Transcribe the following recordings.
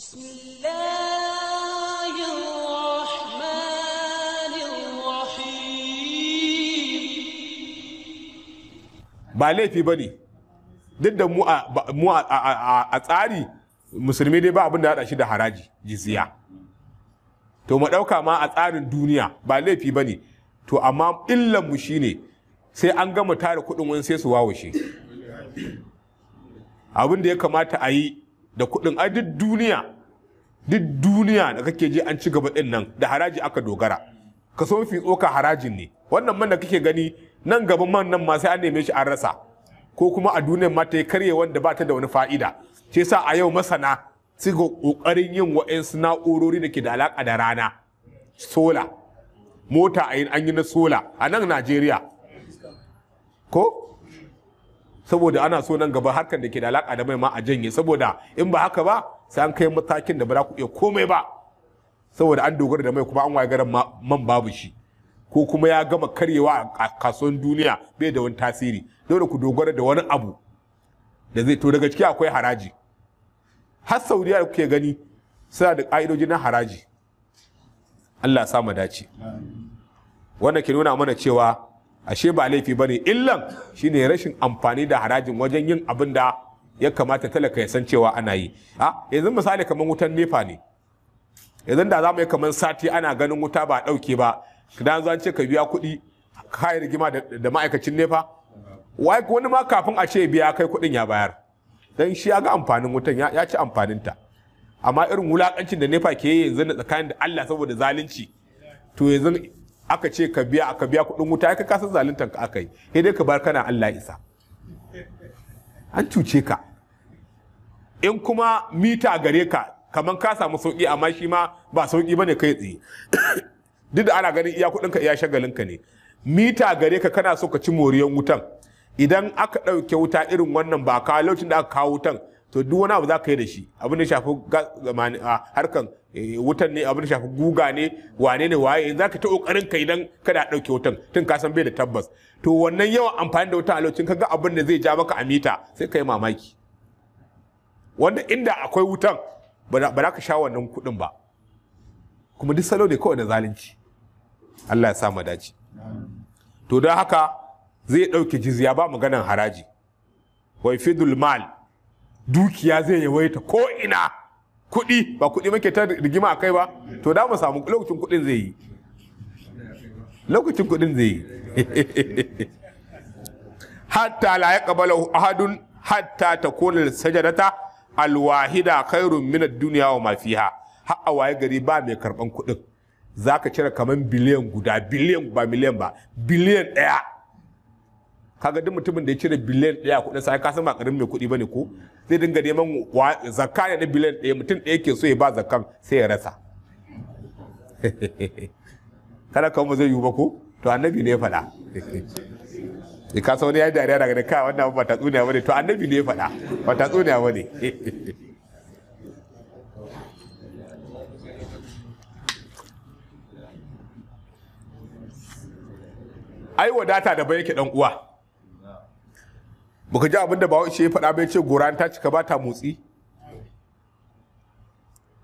بسم الله الرحمن ba laifi ba duk da mu a tsari musulmi dai ba abin da haɗa shi da haraji jiziya to mu ɗauka ma a tsarin duniya ba laifi bane to amma illanmu shine sai an gama tare kuɗin wani sai su wawashe abin da ya kamata a yi da kuɗin ai duk duniya duk duniya da kake je an ci gaba ɗin nan da haraji aka dogara ka so fi tsoka harajin ne wannan man da kake gani nan gaban man nan ma sai an neme shi an rasa ko kuma a duniyar ma ta yi karye wanda ba ta da wani fa'ida ce sa a yau masana su ga ƙoƙarin yin suna na'urori da ke da alaka da rana sola mota a an yi na sola a nan najeriya ko saboda ana so nan gaba harkar da ke da alaka da mai ma a janye saboda in ba haka ba sai an kai matakin da ba za ku iya komai ba saboda an dogara da mai kuma an waye garan man babu shi ko kuma ya gama karyewa a kasuwan duniya bai da wani tasiri dole ku dogara da wani abu da zai to daga ciki akwai haraji har saudiya da kuke gani suna da ƙa'idoji na haraji allah sa mu dace wannan ke nuna mana cewa ashe ba laifi ba bane illan shine rashin amfani da harajin wajen yin abin da ya kamata talaka ya san cewa ana yi a yanzu misali kamar wutan nefa ne yanzu da za mu yi kamar sati ana ganin wuta ba ɗauke ba da an ce ka biya kuɗi kayi rigima da ma'aikacin nefa wai wani ma kafin a ce biya kai kuɗin ya bayar dan shi ya ga amfanin wutan ya ci amfaninta amma irin wulakancin da nefa ke yanzu na tsakanin da Allah saboda zalunci to yanzu aka ce ka biya aka biya kuɗin wuta ka kasa zaluntan ka aka yi sai dai ka bar kana Allah isa an cuce ka in kuma mita gare ka kamar ka samu sauki amma shi ma ba sauki bane kai tsaye duk da ana ganin iya ka iya shagalin ka ne mita gare ka kana so ka ci moriyan wutan idan aka ɗauke wuta irin wannan ba ka lokacin da aka kawo wutan to duk wani abu za ka yi da shi abin da shafi harkan eh, wutan ne abin da shafi guga ne wane ne waye za ka ta kokarin ka idan kada dauke wutan tun ka san bai da tabbas to wannan yawan amfani da wutan a lokacin ga abin da zai ja maka a mita sai ka yi mamaki wanda inda akwai wutan ba za ka sha wannan kuɗin ba kuma duk salo ne kawai na zalunci Allah ya sa mu dace to don haka zai dauke jizya ba maganan haraji wa fidul mal dukiya zai yawaita ko ina kuɗi ba kuɗi muke ta rigima a kai ba to da mu samu lokacin kuɗin zai yi lokacin kuɗin zai yi hatta la yaqbalu ahadun hatta takuna sajadata alwahida khairun min ad-dunya wa ma fiha har a waye gari ba mai karban kuɗin zaka cire kaman biliyan guda biliyan ba miliyan ba biliyan ɗaya kaga duk mutumin da ya cire biliyan ɗaya kuɗin sai ka san ba karin mai kuɗi bane ko zai dinga neman zakka ne na biliyan ɗaya mutum ɗaya ke so ya ba zakkan sai ya rasa kada kan ba zai yi ba ko to annabi ne ya faɗa e ka wani ya yi dariya daga kai wannan ba ba ne. to annabi ne ya faɗa ba ba ne. ai wadata da bai yake dan uwa baka ji abinda ba ya faɗa ba ya ce gora ta cika ba ta motsi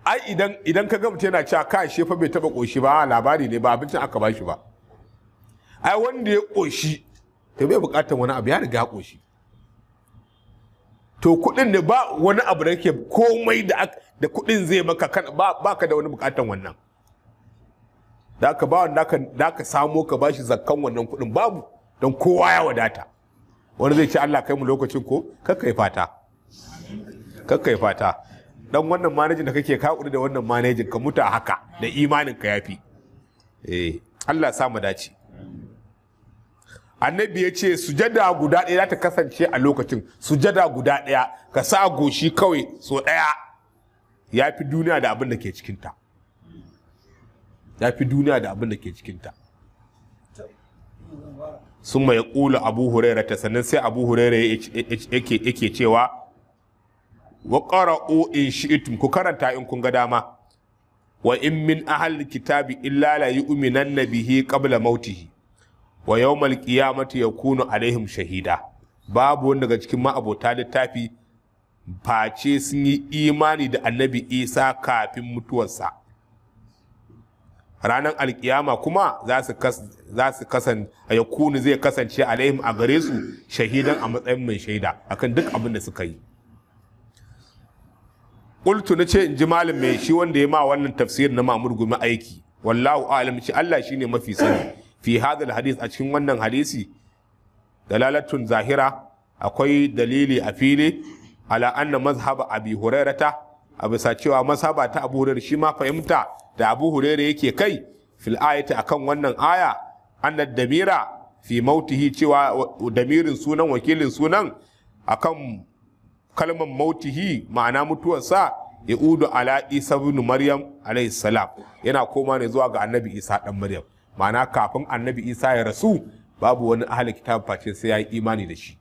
ai idan idan ka gamta yana cewa ka shefa bai taba koshi ba labari ne ba abincin aka bashi ba ai wanda ya koshi to bai bukatar wani abu ya riga ya koshi to kuɗin ne ba wani abu da yake komai da da kuɗin zai maka kan ba baka da wani bukatar wannan da ka ba wanda da ka samo ka bashi zakkan wannan kuɗin babu don kowa ya wadata wani zai ci Allah kai mu lokacin ko kakkai fata kakkai fata dan wannan manajin da kake ka da wannan manajin ka muta haka da imanin ka yafi eh Allah sa mu dace annabi ya ce sujada guda ɗaya za ta kasance a lokacin sujada guda ɗaya ka sa goshi kawai so ɗaya ya fi duniya da abin da ke cikinta ya fi duniya da abin da ke cikinta sun mai ƙulu abu hurera ta sannan sai abu huraira yake cewa wa ƙara'u in shi'itum ku karanta in kun ga dama wa in min ahal kitabi illa la yu'minan nabihi qabla mautihi wa yawmal qiyamati yakunu alaihim shahida babu wanda daga cikin ma'abota littafi face sun yi imani da annabi isa kafin mutuwarsa ranar alkiyama kuma za su kasan ya kunu zai kasance alaihim a gare su shahidan a matsayin mai shaida akan duk abin da suka yi ƙultu na ce in ji malam mai shi wanda ya ma wannan tafsir na mamur gumi aiki wallahu alam shi Allah shine mafi sani fi hadal hadis a cikin wannan hadisi dalalatun zahira akwai dalili a fili ala anna mazhab abi hurairata a bisa cewa mazhaba ta abu hurairata shi ma fahimta da abu hurera yake kai fil ayati akan wannan aya anna damira fi mautihi cewa damirin sunan wakilin sunan akan kalman mautihi ma'ana mutuwarsa ya udu ala isa bin maryam alayhi salam yana koma ne zuwa ga annabi isa dan maryam ma'ana kafin annabi isa ya rasu babu wani ahli kitab face sai ya yi imani da shi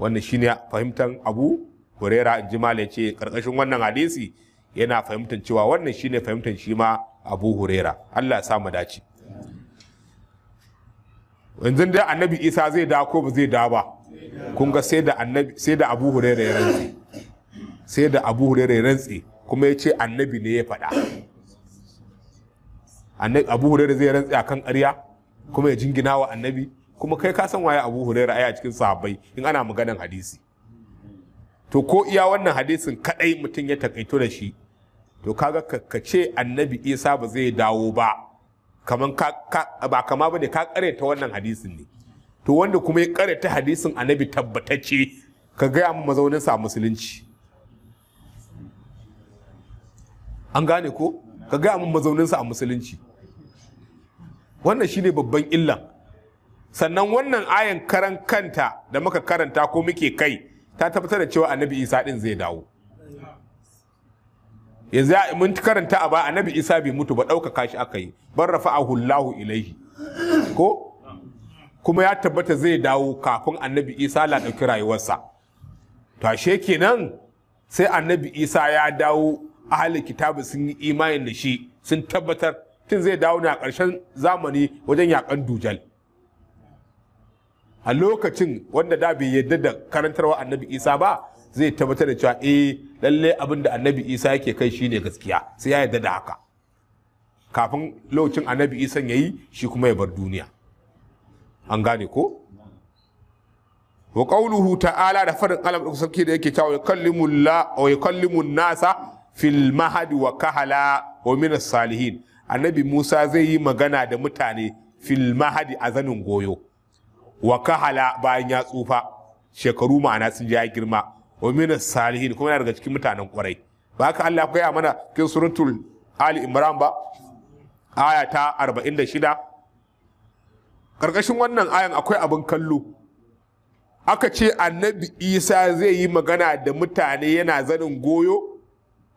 wannan shine fahimtar abu hurera in ji karkashin wannan hadisi yana fahimtar cewa wannan shine fahimtar shi ma abu huraira allah sa mu dace yanzu dai annabi isa zai da ko ba zai da ba kun ga sai da abu huraira ya rantse sai da abu huraira ya rantse kuma ya ce annabi ne ya faɗa abu huraira zai rantse kan ƙarya kuma ya jingina wa annabi kuma kai ka san waye abu huraira ai a cikin sahabbai in ana maganan hadisi to ko iya wannan hadisin kadai mutum ya takaito da shi to kaga ka ce annabi isa ba zai dawo ba kaman ba kama ba ne ka ta wannan hadisin ne to wanda kuma ya ta hadisin annabi tabbatacce ka gaya mu mazaunin sa musulunci an gane ko ka gaya mu mazaunin sa a musulunci wannan shine babban illan sannan wannan ayan karan kanta da muka karanta ko muke kai ta tabbatar da cewa annabi isa din zai dawo yanzu ya mun karanta a ba annabi isa bai mutu ba ɗaukaka shi aka yi bar a hulahu ilaihi ko kuma ya tabbata zai dawo kafin annabi isa la ɗauki rayuwarsa to ashe kenan sai annabi isa ya dawo ahalin kitabu sun yi imanin da shi sun tabbatar tun zai dawo ne a ƙarshen zamani wajen yaƙan dujal a lokacin wanda da bai yadda da karantarwa annabi isa ba zai tabbatar da cewa eh lalle abin da annabi isa yake kai shi ne gaskiya sai ya yarda da haka kafin lokacin annabi isa ya yi shi kuma ya bar duniya an gane ko wa qawluhu ta'ala da farin alam da sarki da yake cewa yukallimu la wa yukallimu nasa fil mahad wa kahala wa min salihin annabi musa zai yi magana da mutane fil mahadi a zanin goyo wa kahala bayan ya tsufa shekaru ma'ana sun ya girma wa minas salihin kuma yana daga cikin mutanen kwarai ba ka Allah ya mana cikin suratul Ali Imran ba aya ta 46 karkashin wannan ayan akwai abin kallo aka ce annabi Isa zai yi magana da mutane yana zanin goyo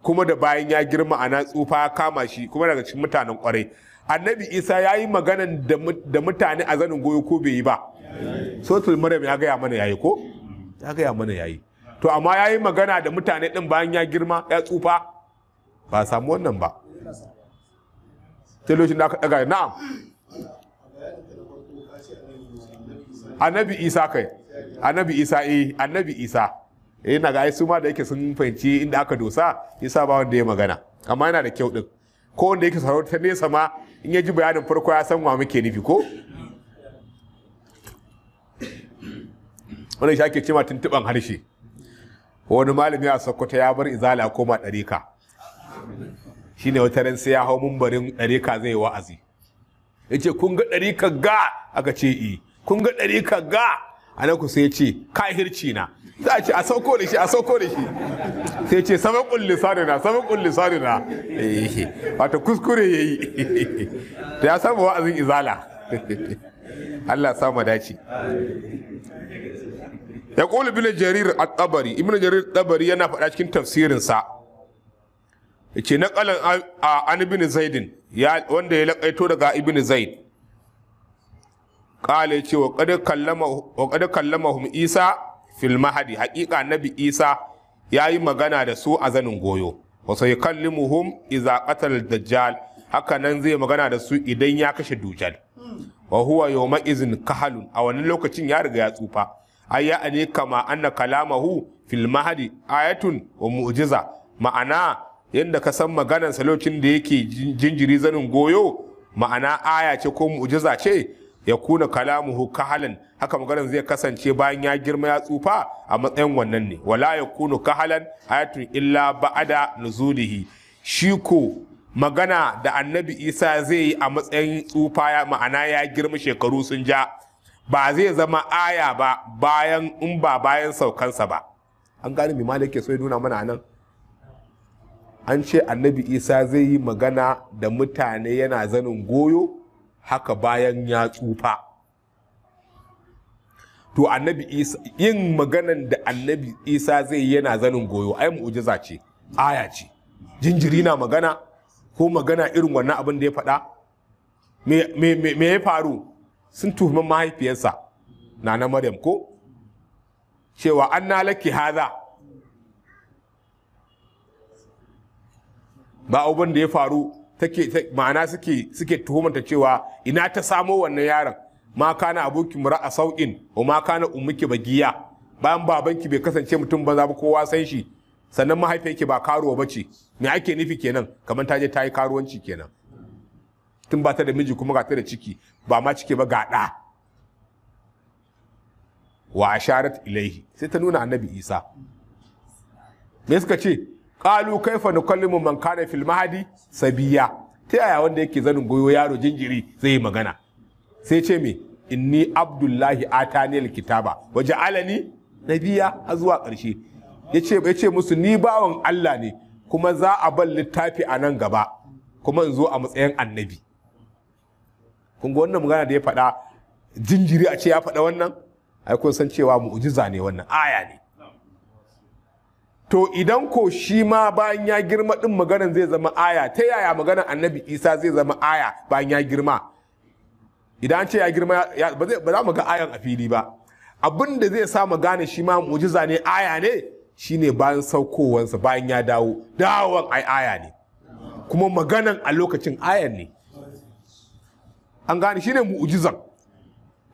kuma da bayan ya girma ana tsufa ya kama shi kuma daga cikin mutanen kwarai annabi isa ya yi magana da mutane a zanin goyo ko bai yi ba sotul maryam ya gaya mana yayi ko ya gaya mana yayi to amma ya yi magana da mutane ɗin bayan ya girma ya tsufa ba samu wannan ba sai da aka ɗaga na'am annabi isa kai annabi isa eh annabi isa eh na ga su ma da yake sun fahimci inda aka dosa isa ba wanda ya magana amma yana da kyau din ko wanda yake ta nesa ma in ya ji bayanin farko ya san wa muke nufi ko wannan shi ake cewa tuntuban harshe wani malami a sokoto ya bar izala koma ɗarika Shi ne wata ran sai ya hau mumbarin ɗarika zai wa'azi Ya ce kun ga ɗarika ga aka ce i eh. kun ga ɗarika ga anan ku sai ce kahirci na za a ce a sauko da shi a sauko da shi sai ce saman kulli sarina saman kulli sarina eh. Wata kuskure ya yi. Ta ya samu wa'azin izala Allah sa dace ya ƙoli ibn jarir al tabari ibn jarir al tabari yana faɗa cikin tafsirinsa yace a an ibn zaidin ya wanda ya laƙaito daga ibn zaid qala yace wa qad kallama wa qad kallamahum isa fil mahdi haqiqa nabi isa ya yi magana da su a zanin goyo wa sai kallimuhum idza qatal dajjal haka nan zai magana da su idan ya kashe dujal Wahuwa huwa izin kahalun a wannan lokacin ya riga ya tsufa ya ane kama anna kalamahu fil mahdi ayatun wa ma'ana yadda ka san maganar salocin da yake jinjiri zanin goyo ma'ana aya ce ko mu'jiza ce ya kuna kalamuhu kahalan haka maganar zai kasance bayan ya girma ya tsufa a matsayin wannan ne wala ya kuna kahalan ayatun illa ba'ada nuzulihi shi ko magana da annabi isa zai yi a matsayin tsufa ma'ana ya girma shekaru sun ja ba zai zama aya ba bayan in ba bayan saukansa ba an gane mai malik ke so ya nuna mana nan an ce annabi isa zai yi magana da mutane yana zanin goyo haka bayan ya tsufa to annabi isa yin maganan da annabi isa zai yi yana zanin goyo ai mu'jiza ce aya ce jinjiri na magana ko magana irin wannan abin da ya faɗa me ya faru sun tuhumi mahaifiyarsa na na maryam ko cewa an na laki haza ba abin da ya faru take ma'ana suke suke tuhumanta cewa ina ta samo wannan yaron ma kana aboki a sau'in o ma kana umuki bagiya bayan babanki bai kasance mutum ba za ba kowa san shi sannan ke ba karuwa ba ce me ake nufi kenan kamar ta je ta yi karuwanci kenan tun ba ta da miji kuma ga ta da ciki ba ma ciki ba ga ɗa wa asharat ilaihi sai ta nuna annabi isa me suka ce Kalu, kaifa nukallimu man kana fil mahadi sabiya ta yaya wanda yake zanin goyo yaro jinjiri zai yi magana sai ce me inni abdullahi ataniyal kitaba waje alani biya. A zuwa ƙarshe ya ce musu ni bawan Allah ne kuma za a bar littafi a nan gaba kuma in zo a matsayin annabi kun ga wannan magana da ya faɗa jinjiri a ce ya faɗa wannan ai kun san cewa mu'jiza ne wannan aya ne to idan ko shi ma bayan ya girma din maganan zai zama aya ta yaya maganan annabi isa zai zama aya bayan ya girma idan ce ya girma ba za mu ga ayan a fili ba abin da zai sa mu gane shi ma mu'jiza ne aya ne Shi ne bayan saukowansa bayan ya dawo dawon ai aya ne kuma maganan a lokacin ayan ne an gane ne mu'ujizan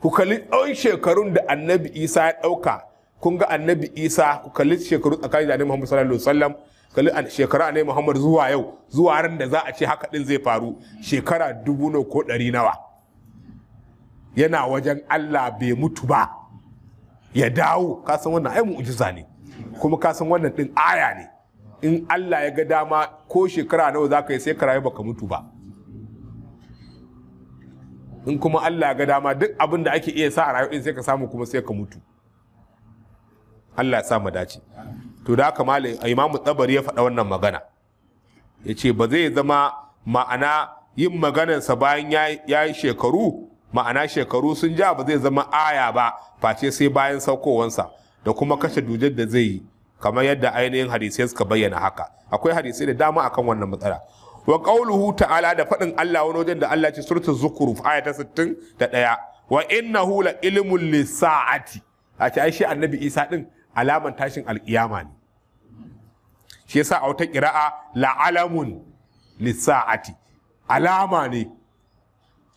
ku kalli ɗan shekarun da annabi isa ya ɗauka kun ga annabi isa ku kalli shekaru tsakanin da Muhammadu sallallahu alaihi wasallam kalli shekara ne muhammadu zuwa yau zuwa ran da za a ce haka din zai faru shekara dubu nawa ko ɗari nawa yana wajen allah bai mutu ba ya dawo kasan wannan ai mu'ujiza ne kuma ka san wannan din aya ne in Allah ya ga dama ko shekara nawa za ka yi sai ka rayu baka mutu ba in kuma Allah ya ga dama duk abin da ake iya sa a rayu din sai ka samu kuma sai ka mutu Allah ya sa mu dace to da haka malai imamu tsabari ya faɗa wannan magana ya ce ba zai zama ma'ana yin maganarsa bayan ya yi shekaru ma'ana shekaru sun ja ba zai zama aya ba face sai bayan saukowansa da kuma kashe dujar da zai yi kamar yadda ainihin hadisai suka bayyana haka akwai hadisai da dama akan wannan matsala wa qauluhu ta'ala da faɗin Allah wani wajen da Allah ce surta zukhruf aya ta 61 wa innahu la ilmul lisa'ati a ce shi annabi Isa din alaman tashin alkiyama ne shi yasa a wata qira'a la alamun lisa'ati alama ne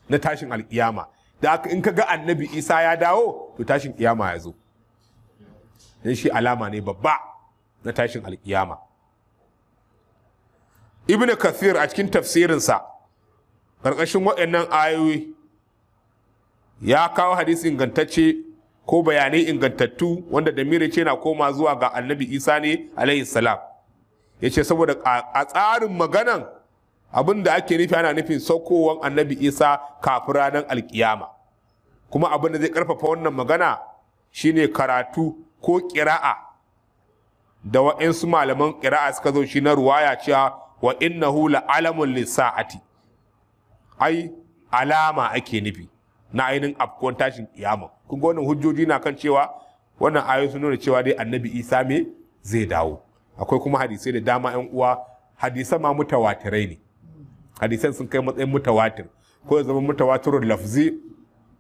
na tashin alkiyama da in ka ga annabi Isa ya dawo to tashin kiyama ya zo don shi alama ne babba na tashin alkiyama ibn kathir a cikin tafsirinsa ƙarƙashin waɗannan ayoyi ya kawo hadisi ingantacce ko bayanai ingantattu wanda da mire ce na koma zuwa ga annabi isa ne alayhi salam ya ce saboda a tsarin maganan abin da ake nufi ana nufin saukowan annabi isa kafin ranar alkiyama kuma abin da zai ƙarfafa wannan magana shine karatu ko ƙira'a da wa'insu malaman ƙira'a suka zo shi na ruwaya cewa wa innahu hula alamun lissa'ati ai alama ake nufi na ainihin afkuwan tashin kiyama kun ga hujjoji na kan cewa wannan ayo sun nuna cewa dai annabi isa me zai dawo akwai kuma hadisai da dama yan uwa hadisan ma mutawatirai ne hadisan sun kai matsayin mutawatir ko ya zama mutawatirun lafzi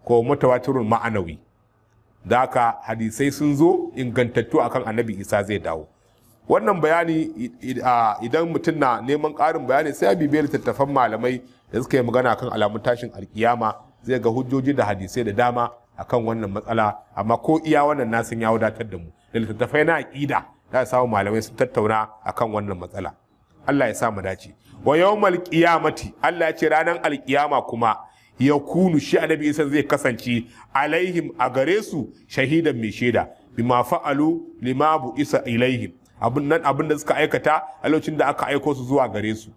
ko mutawatirun ma'anawi da hadisai sun zo ingantattu akan annabi isa zai dawo wannan bayani idan mutum na neman ƙarin bayani sai a bibiyar littattafan malamai da suka yi magana kan alamun tashin alkiyama zai ga hujjoji da hadisai da dama akan wannan matsala amma ko iya wannan nasin ya wadatar da mu da littattafai na aƙida za samu malamai sun tattauna akan wannan matsala Allah ya sa mu dace wa yawmal qiyamati Allah ya ce ranar alkiyama kuma ya kunu shi annabi isa zai kasance alaihim a gare su shahidan mai shaida bima fa'alu limabu isa ilaihim abin nan abin da suka aikata a lokacin da aka aiko su zuwa gare su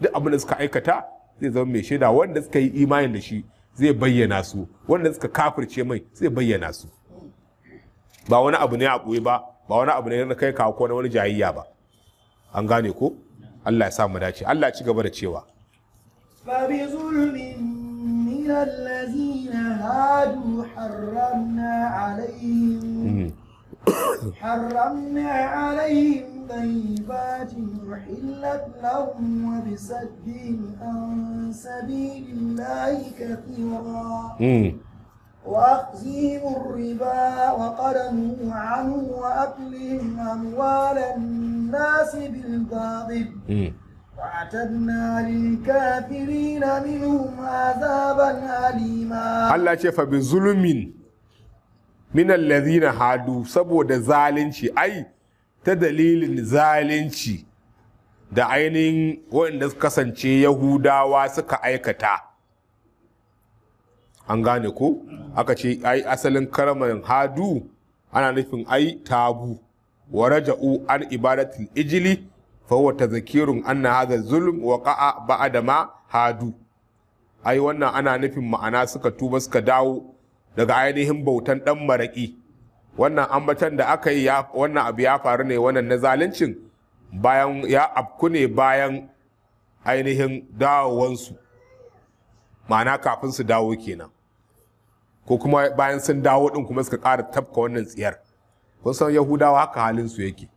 duk abin da suka aikata zai zama mai shaida wanda suka yi imani da shi zai bayyana su wanda suka kafirce mai zai bayyana su ba wani abu ne a ɓoye ba ba wani abu ne na kai kawo ko na wani jayayya ba an gane ko Allah ya sa mu dace Allah ya ci gaba da cewa zulmin من الذين هادوا حرمنا عليهم حرمنا عليهم طيبات أحلت لهم وبصدهم عن سبيل الله كثيرا وأخذهم الربا وقد عنه وأكلهم أموال الناس بالباطل وأعتدنا للكافرين منهم عذابا أليما الله شفا بظلم من الذين هادوا zalunci ai ta dalilin zalunci da ainihin waɗanda suka kasance yahudawa suka aikata an gane ko aka ce ai asalin karamarin hadu ana nufin ai tabu wa raja'u an ibadatul ijili fahuwa tazakirun anna haza zulm waqa'a ba'da ma hadu ai wannan ana nufin ma'ana suka tuba suka dawo daga ainihin bautan ɗan maraƙi. wannan ambatan da aka yi wannan abu ya faru ne wannan na zaluncin bayan ya afku ne bayan ainihin dawowansu ma'ana kafin su dawo kenan ko kuma bayan sun dawo ɗin kuma suka ƙara tafka wannan tsiyar kun san yahudawa haka halin su yake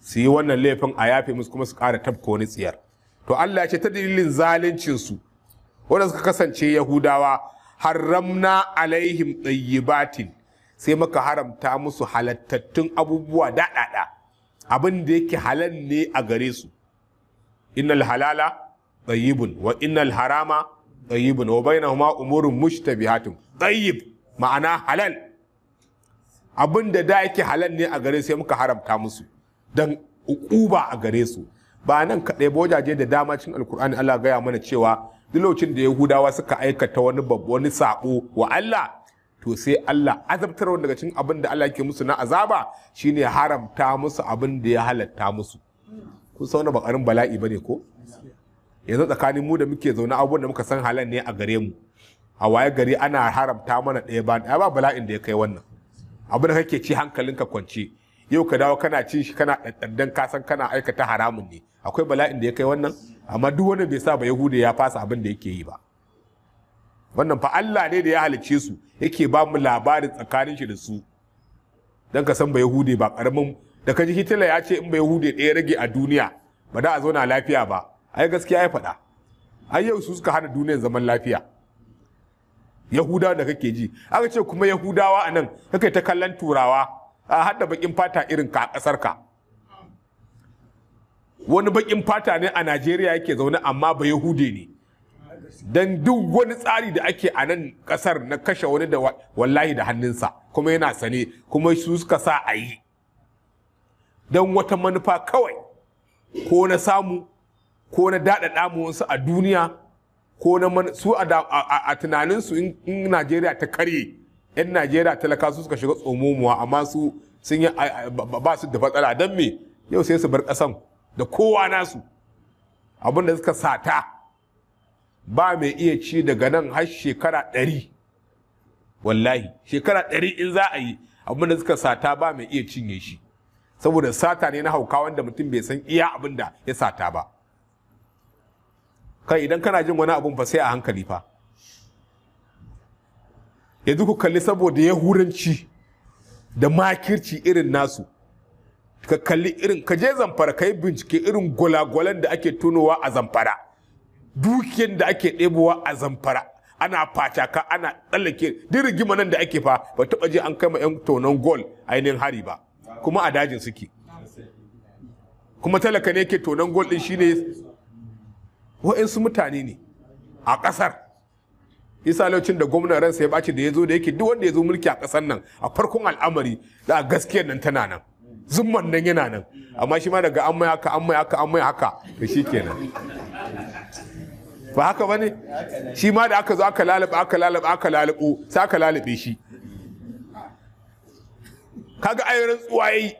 su yi wannan laifin a yafe musu kuma su ƙara tafka wani tsiyar to Allah ya ce ta dalilin zalincinsu, su wanda suka kasance Yahudawa haramna alaihim tayyibatin sai muka haramta musu halattattun abubuwa daɗaɗa abin da yake halal ne a gare su innal halala tayyibun wa innal harama tayyibun wa bainahuma umurun mushtabihatun tayyib ma'ana halal abin da da yake halal ne a gare sai muka haramta musu don uba a gare su ba nan kaɗai bojaje da dama cikin alkur'ani Allah gaya mana cewa lokacin da yahudawa suka aikata wani babba wani sabo wa Allah to sai Allah azabtar daga cikin abin da Allah ke musu na azaba shine haramta musu abin da ya halatta musu kun san wani bakarin bala'i bane ko yanzu tsakanin mu da muke zaune abubuwan da muka san halan ne a gare mu a waye gari ana haramta mana ɗaya ba ba bala'in da ya kai wannan abin da kake ci hankalinka kwance yau ka dawo kana cin shi kana ɗanɗan kasan kana aikata haramun ne akwai bala'in da ya kai wannan amma duk wanda bai sa ba yahuda ya fasa abin da yake yi ba wannan fa Allah ne da ya halicce su yake ba mu labarin tsakanin shi da su dan ka san ba Yahudi ba karamin da kaji Hitler ya ce in ba Yahudi ɗaya rage a duniya ba da a zauna lafiya ba ai gaskiya ya faɗa ai yau su suka hana duniyar zaman lafiya yahudawa da kake ji aka ce kuma yahudawa a nan kake ta kallon turawa a hada bakin fata irin ka a ka wani bakin fata ne a najeriya yake zaune amma ba yahude ne don duk wani tsari da ake a nan kasar na kashe wani da wallahi da hannunsa kuma yana sane kuma su suka sa a yi don wata manufa kawai ko na samu ko na daɗaɗa wasu a duniya ko na su a tunaninsu in najeriya ta karye 'yan najeriya talaka su suka shiga tsomomuwa amma su sun yi ba su da fatsala don me yau sai su bar kasan da kowa nasu abin da suka sata ba mai iya ci daga nan har shekara ɗari wallahi shekara ɗari in za a yi abinda da suka sata ba mai iya cinye shi saboda sata ne na hauka wanda mutum bai san iya abinda ya sata ba kai idan kana jin wani abun fa sai a hankali fa yanzu ku kalli saboda yahuranci da makirci irin nasu ka kalli irin ka je zamfara ka yi bincike irin gwalagwalan da ake tunowa a zamfara dukiyar da ake ɗebowa a zamfara ana fataka ana tsallake duk rigima nan da ake fa ba taɓa je an kai ma 'yan tonon gol ainihin hari ba kuma a dajin suke kuma talaka ne ke tonon gol ɗin shine wa'insu mutane ne a ƙasar isa lokacin da gwamna ransa ya ɓaci da ya zo da yake duk wanda ya zo mulki a ƙasar nan a farkon al'amari da a gaskiyar nan tana nan zumman nan yana nan amma shi ma daga an mai haka an mai haka an mai haka to shi kenan ba haka ba ne shi ma da aka zo aka lalaba aka lalaba aka lalabo sai aka lalabe shi kaga ayyuran tsuwaye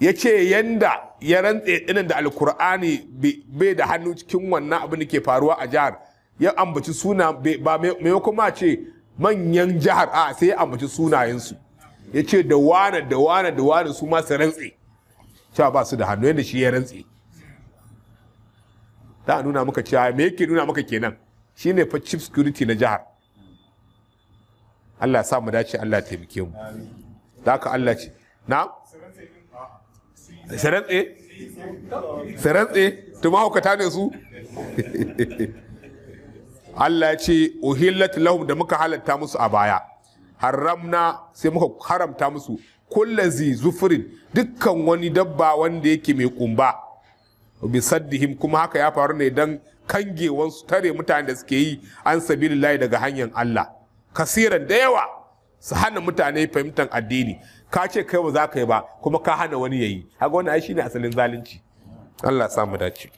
ya ce yanda ya rantse dinin da alkur'ani bai da hannu cikin wannan abin da ke faruwa a jihar ya ambaci suna ba maimakon kuma ce manyan jihar a sai ya ambaci sunayensu ya ce da wane da wane da wane su masu rantse cewa ba su da hannu yadda shi ya rantse ta nuna maka cewa me yake nuna maka kenan Shi fa chief security na jihar Allah sa mu dace Allah taimake mu da haka Allah ce na sarantse sarantse to mahaukata ne su Allah ya ce uhillat lahum da muka halatta musu a baya haramna sai muka haramta musu kullazi zufurin dukkan wani dabba wanda yake mai kumba bi saddihim kuma haka ya faru ne dan kangewan su tare mutane da suke yi an sabilillah daga hanyar Allah kasiran da yawa su hana mutane fahimtar addini ka ce kai ba za ka yi ba kuma ka hana wani yayi haka wani ai shine asalin zalunci Allah ya samu dace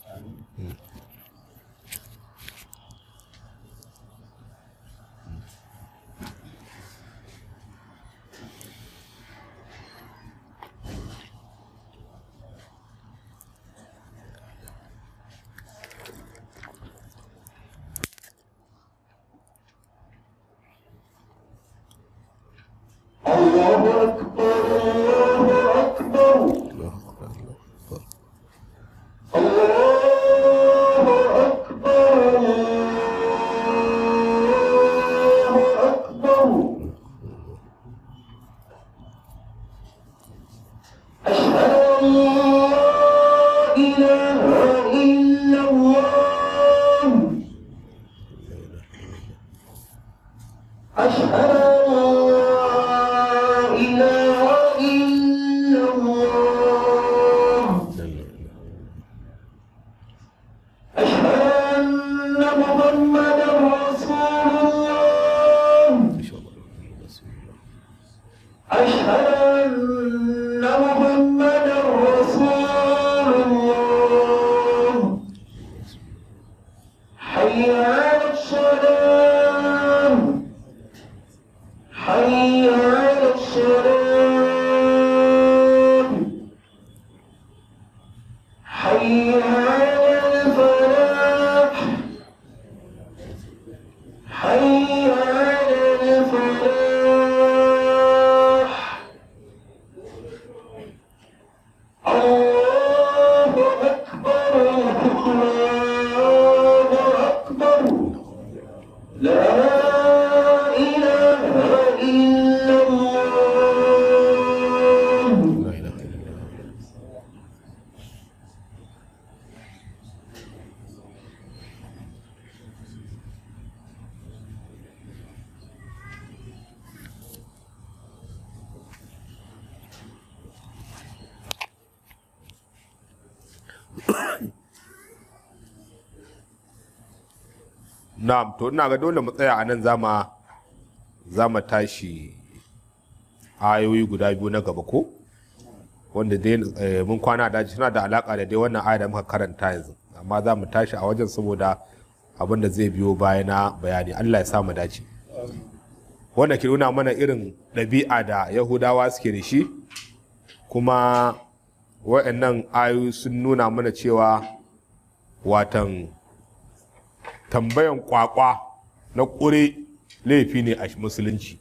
na'am to ina ga dole mu tsaya a nan zama zama tashi ayoyi guda biyu na gaba ko wanda dai eh, mun kwana da suna da alaka da dai wannan aya da muka karanta yanzu amma za mu tashi a wajen saboda abin da zai biyo baya na bayani Allah ya sa mu dace wanda ke nuna mana irin ɗabi'a da yahudawa suke da shi kuma wa'annan ayoyi sun nuna mana cewa watan tambayan kwakwa na ƙure laifi ne a musulunci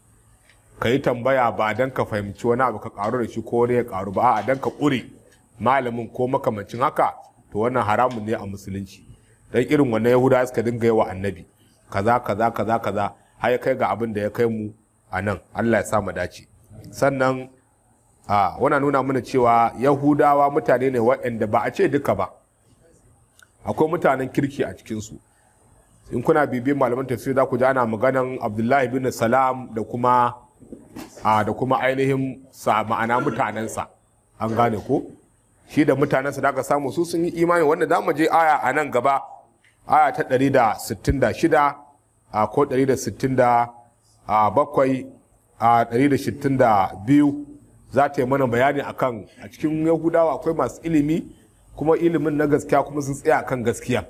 ka yi tambaya ba don ka fahimci wani abu ka karu da shi ko wani ya karu ba a don ka ƙure malamin ko makamancin haka to wannan haramun ne a musulunci don irin wannan yahuda suka dinga yi wa annabi kaza kaza kaza kaza har kai ga abin da ya kai mu a nan allah ya sa mu dace sannan a wana nuna mana cewa yahudawa mutane ne waɗanda ba a ce duka ba akwai mutanen kirki a cikinsu in kuna bibiyar malaman tafsir za ku ji ana maganan abdullahi bin salam da kuma da kuma ainihin sa ma'ana mutanensa an gane ko shi da mutanensa da aka samu su sun yi imani wanda za mu je aya a nan gaba aya ta 166 a ko 167 a 162 za ta yi mana bayani akan a cikin yahudawa akwai masu ilimi kuma ilimin na gaskiya kuma sun tsaya akan gaskiya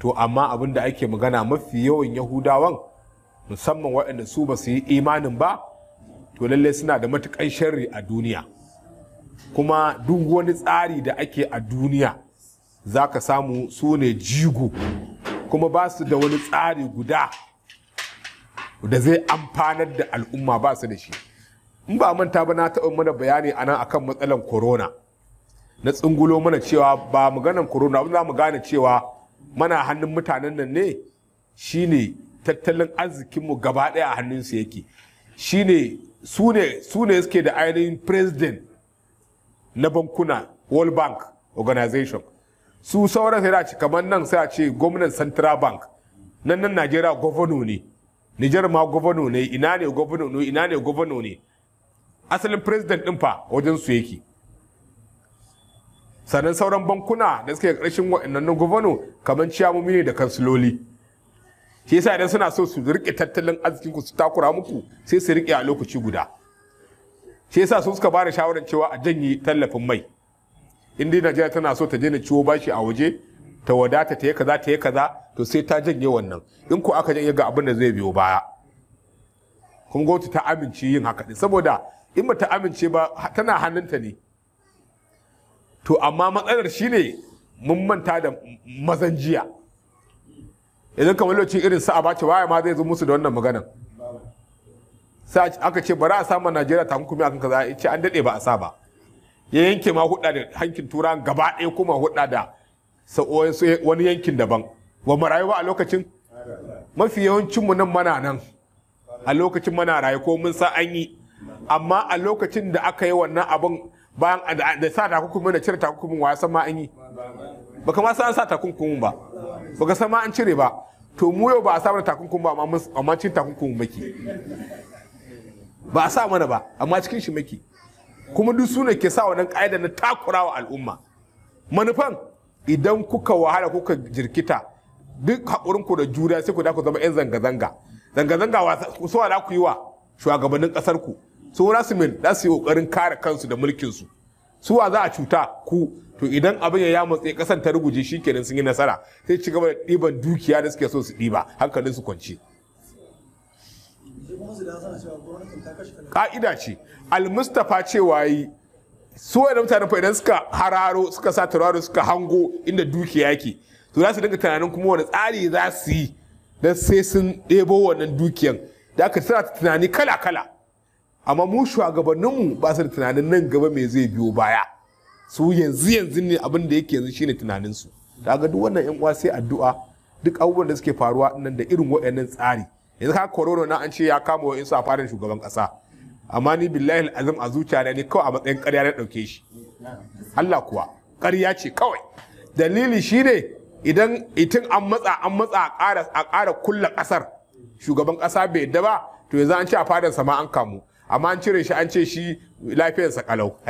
to amma abin da ake magana mafi yawan yahudawan musamman waɗanda su ba su yi imanin ba to lallai suna da matuƙan sharri a duniya kuma duk wani tsari da ake a duniya za ka samu su ne jigo kuma ba su da wani tsari guda da zai amfanar da al'umma ba su da shi in ba manta ba na taɓa mana bayani anan akan matsalar corona na tsungulo mana cewa ba maganan corona ba za mu gane cewa mana hannun mutanen nan ne shine tattalin arzikinmu gaba ɗaya a hannunsu yake shine su ne su ne suke da ainihin president na bankuna world bank organization su sauran sai da ci kamar nan sai a ce gwamnan central bank nan nan najeriya gwamnu ne nijar ma gwamnu ne ina ne gwamnu ina ne ne asalin president din fa wajen su yake sannan sauran bankuna da suke ƙarshen wa'annan na gwamnati kamar ciyamomi ne da kansiloli shi yasa idan suna so su rike tattalin arzikin ku su takura muku sai su rike a lokaci guda shi yasa su suka ba da shawarar cewa a janye tallafin mai in Najeriya tana so ta je ciwo bashi a waje ta wadata ta yi kaza ta yi kaza to sai ta janye wannan in ku aka janye ga abin da zai biyo baya kuma gwamnati ta amince yin haka din saboda in ba ta amince ba tana hannunta ne to amma matsalar shi ne mun manta da mazan jiya idan kamar lokacin irin ba abace waya ma zai zo musu da wannan maganan sai aka ce bari a samu Najeriya ta takunkumi akan kaza ya ce an dade ba a sa ba ya yanke ma huɗa da hankin turan gaba ɗaya kuma huɗa da wani yankin daban wa mu rayuwa a lokacin mafi yawancin mu nan mana nan a lokacin mana rayu ko mun sa an yi amma a lokacin da aka yi wannan abin bayan da sa takunkumin da cire takunkumin wa san ma an yi ba kama sa an sa takunkumin ba ba ka san ma an cire ba to mu yau ba a sa takunkumin ba amma cin takunkumin maki ba a sa mana ba amma cikin shi maki kuma duk su ne ke sa wannan ƙa'ida na takura wa al'umma manufan idan kuka wahala kuka jirkita duk ku da juriya sai ku da ku zama 'yan zanga-zanga zanga-zanga wasa ku yi wa shugabannin ku su rasimin za su yi kokarin kare kansu da mulkin su su wa za a cuta ku to idan abin ya matse kasan ta ruguje shikenan sun yi nasara sai ci gaba da ɗiban dukiya da suke so su ɗiba hankalin su kwance ka'ida ce almustafa cewa yi su da mutane fa idan suka hararo suka sa turaro suka hango inda dukiya yake to za su dinga tunanin kuma wani tsari za su yi don sai sun ɗebo wannan dukiyan da aka tana tunani kala-kala amma mu shugabanninmu ba su da tunanin nan gaba mai zai biyo baya su yanzu yanzu ne abin da yake yanzu shine tunaninsu da ga duk wannan yan uwa sai addu'a duk abubuwan da suke faruwa nan da irin waɗannan tsari yanzu ka corona na an ce ya kama wa insa a farin shugaban kasa amma ni billahi azam a zuciya ni kawai a matsayin ƙarya na ɗauke shi Allah kuwa ƙarya ce kawai dalili shine idan itin an matsa an matsa a ƙara kulle ƙasar shugaban kasa bai yadda ba to yanzu an ce a fadar sama an kamu amma an cire shi an ce shi lafiyarsa kalau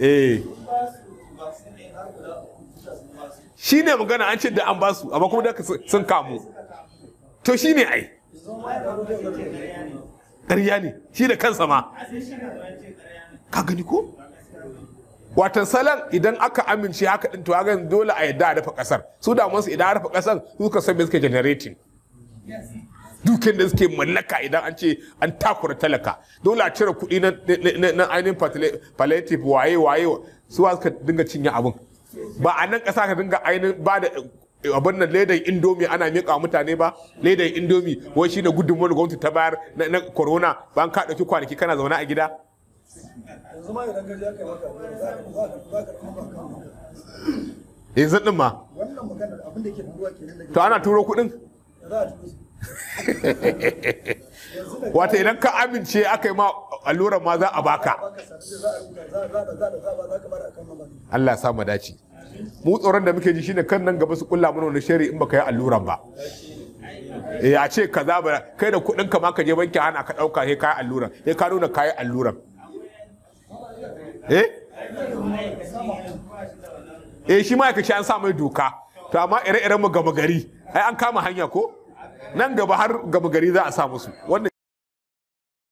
eh. shi ne magana an ce da an basu amma kuma da sun kamu to shi ne ai ƙarya ne shi da kansa ma ka gani ko watan salon idan aka amince haka din to hagan dole a yadda a dafa kasar su damansu idan a dafa kasar su ka sabbin suke generating dukiyar da suke mallaka idan an ce an takura talaka dole a cire kuɗi na ainihin palliative waye waye su wa suka dinga cinye abin ba a nan ƙasa ka dinga ainihin ba da abin nan ledan indomi ana miƙa mutane ba ledan indomi wai gudun wani gwamnati ta bayar na corona an ka ɗauki kwanaki kana zaune a gida yanzu ɗin ma to ana turo kuɗin wata idan ka amince aka yi ma allurar ma za a baka Allah sa mu dace mu tsoron da muke ji shine kan nan gaba su kulla mana wani shari in baka yi alluran ba ya eh, ce ka za ba kai da kuɗin ka ma ka je banki hana ka dauka sai yi alluran Ya ka nuna yi alluran eh, eh shi ma ya an sa mai doka to amma ire-iren mu gama gari ai an kama hanya ko nan gaba har gama gari za a sa musu